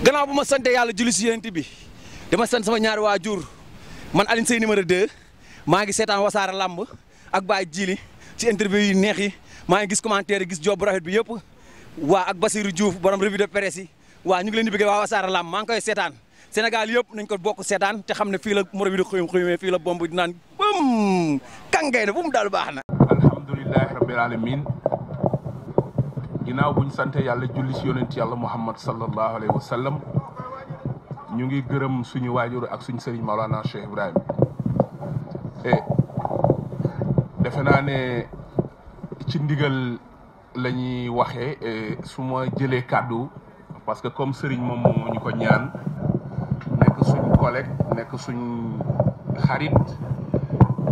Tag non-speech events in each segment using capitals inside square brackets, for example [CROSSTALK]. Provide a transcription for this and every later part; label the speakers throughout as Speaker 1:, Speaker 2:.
Speaker 1: gannaaw bu ma sante yàlla julli si yéent bi dama sant sama ñaari waajur man Alioune Seye a 2 maa ngi seetaan wasaare làmb ak Baye Djili ci interview yu neex yi maa ngi gis commentaire gis job bu rafet bi yëpp waa ak Basirou Diouf borom revue de presse yi waa ñu ngi leen di bëgg waa wasaare làmb maa ngi koy seetaan Sénégal yëpp nañ ko bokk seetaan te xam ne fii la moro bi di xuyum xuyumee fii la bomb di naan bam kàngay na bu mu daal baax na ginnaaw buñ sante yàlla julli si yonent yàlla muhammad sallallahu alayhi wa sallam ñu ngi gërëm suñu waajur ak suñ sëriñ Maolana Cheikh Ibrahim e defe naa ne ci ndigal la ñuy waxee eh, su ma jëlee kàddu parce que comme sëriñ moom moo ñu ko ñaan nekk suñ collègue nekk suñ xarit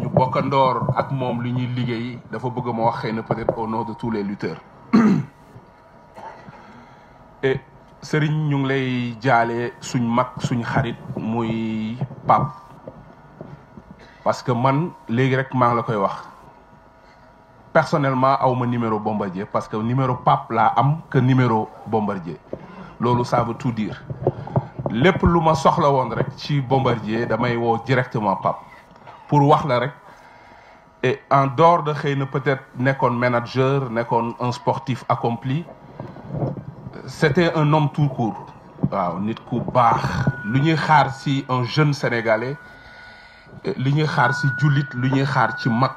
Speaker 1: ñu bokkandoor ak moom lu ñuy liggéey dafa bëgg ma wax xëy na peut-être au nom de tous les lutteurs [CLEARS THROAT] Eh, sëriñ ñu ngi lay jaale suñ mag suñ xarit muy pap parce que man léegi rek maa ngi la koy wax personnellement aw ma numéro Bombardier parce que numéro pap laa am que numéro Bombardier loolu ça veut tout dire lépp lu ma soxla woon rek ci Bombardier damay woo directement pap pour wax la rek et en dehors de xëy na peut-être nekkoon manager nekkoon un sportif accompli c'était un homme tout court waaw nit ku baax lu ñuy xaar ci un jeune sénégalais lu ñuy xaar ci jullit lu ñuy xaar ci mag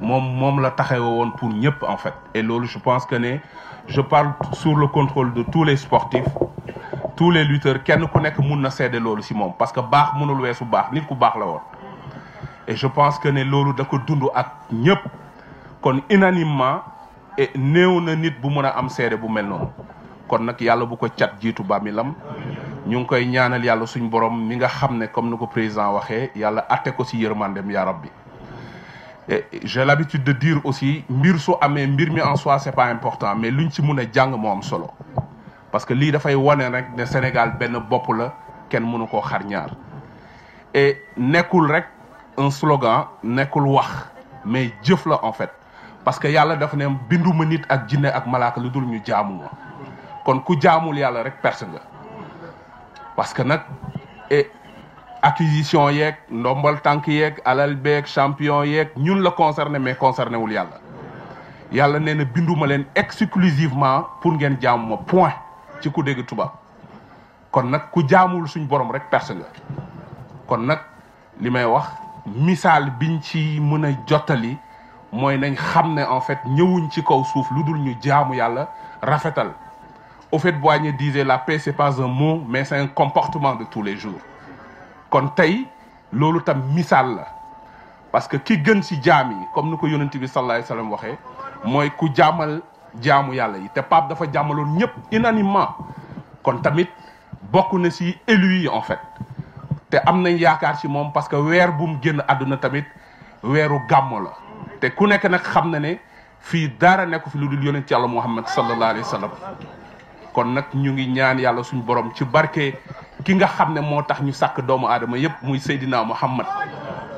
Speaker 1: moom moom la taxawe woon pour ñëpp en fait et loolu je pense que ne je parle sur le contrôle de tous les sportifs tous les lutteurs kenn ku nekk mun na seede loolu ci moom parce que baax mënul u baax nit ku baax la woon et je pense que ne loolu da ko dund ak ñëpp kon unanimement et néew na nit bu mën a am seede bu mel noonu kon nag yàlla bu ko cat jiitu mi lam ñu ngi koy ñaanal yàlla suñ borom mi nga xam ne comme nu ko président waxee yàlla atte ko si yërmandem ya rabbi j'ai l'habitude de dire aussi mbir su amee mbir mi en soi c'est pas important mais luñ ci mun a jàng moo am solo parce que lii dafay wane rek ne Sénégal benn bopp la kenn mënu koo xarñaar nekkul rek un slogan nekkul wax mais jëf la en fait parce que yàlla dafa ne binduma nit ak jinne ak malaaka lu dul ñu jaamu ma kon ku jaamul yàlla rek perte nga parce que nag et eh, acquisition yeeg ndombal tànk yeeg alal beeg champion yeeg ñun la concerné mais concerné wul yàlla yàlla nee na binduma leen exclusivement pour ngeen jaamu point ci ku dégg tubaab kon nag ku jaamul suñ borom rek perte nga kon nag li may wax misaal biñ ci mën a jottali mooy nañ xam ne en fait ñëwuñ ci kaw suuf lu dul ñu jaamu yàlla rafetal Houphouët Boigny disait la paix c'est pas un mot mais c'est un comportement de tous les jours kon tey loolu tam misaal la parce que ki gën ci jaam yi comme nu ko yonent bi sallallahu alayhi wa sallam waxee mooy ku jaamal jaamu yàlla yi te Pape dafa jaamaloon ñëpp unanimement kon tamit bokk na ci élu yi en fait te am nañ yaakaar ci moom parce que weer bu mu génn àdduna tamit weeru gàmmo la te ku nekk nag xam na ne fii dara nekku fi lu dul yonent yàlla Muhammad sallallahu alayhi wa kon nag ñu ngi ñaan yàlla suñu borom ci barke ki nga xam ne moo tax ñu sàkk doomu aadama yépp muy xam Muhammad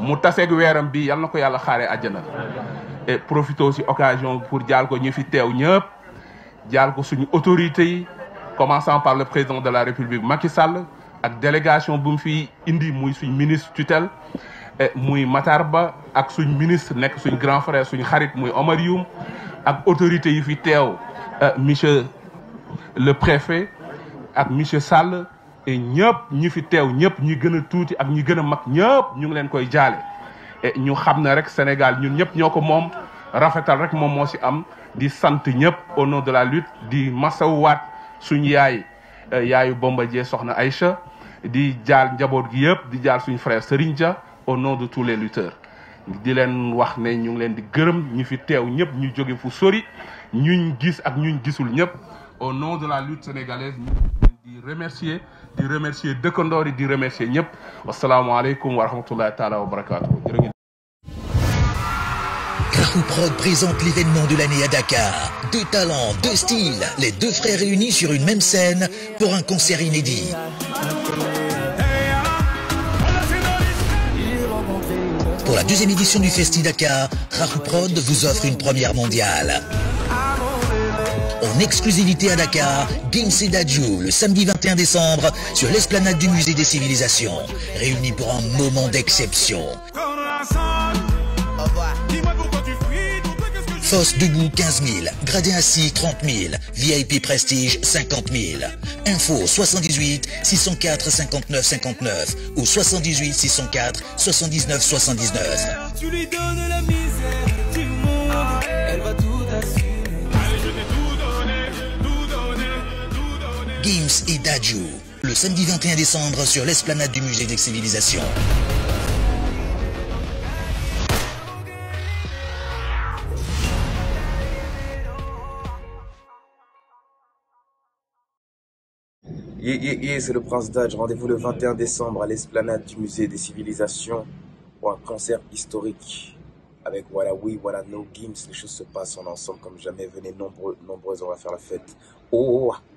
Speaker 1: mu taseeg weeram bi yal na ko yàlla xaaree àjjana et profité si occasion pour jaal ko ñu fi teew ñëpp jaal ko suñu autorités yi commençant par le président de la république Macky Sall ak délégation bu mu fi indi muy suñ ministre tutelle muy Matar Ba ak suñ ministre nekk suñ grand frère suñ xarit muy Omar Youm ak autorités yi fi teew euh, monsieur le préfet ak monsieur Sall et ñëpp ñi fi teew ñëpp ñi gën a tuuti ak ñi gën a mag ñëpp ñu ngi leen koy jaale. ñu xam na rek Sénégal ñun ñëpp ñoo ko moom rafetal rek moom moo si am di sant ñëpp au nom de la lutte di masawuwaat suñu yaay euh, yaayu Bombardier soxna Aïcha di jaal njaboot gi yëpp di jaal suñu frère Serigne Dia au nom de tous les lutteurs. di leen wax ne ñu ngi leen di gërëm ñu fi teew ñëpp ñu jóge fu sori ñuñ gis ak ñuñ gisul ñëpp au nom de la lutte sénégalaise ñu di remercier di yi di remercier
Speaker 2: présente l'événement de l'année à Dakar. Deux talents, deux styles, les deux frères réunis sur une même scène pour un concert inédit. Pour la deuxième édition du Festi Dakar, Rahuprod vous offre une première mondiale. en exclusivité à Dakar, Gims et Dadju le samedi 21 décembre sur l'esplanade du musée des civilisations, réunis pour un moment d'exception. Fosse debout 15 000, gradé assis 30 000, VIP prestige 50 000. Info 78 604 59 59 ou 78 604 79 79. Tu lui donnes la mine. Gims et le samedi décembre sur l'esplanade du Musée des Civilisations. Yeah, c'est le prince Dadj. Rendez-vous le décembre à l'esplanade du musée des civilisations pour un concert historique
Speaker 1: avec Voilà Oui, Voilà No Games. Les choses se passent en ensemble comme jamais. Venez nombreux, nombreuses,
Speaker 2: on va faire la fête. Oh, oh,
Speaker 1: oh.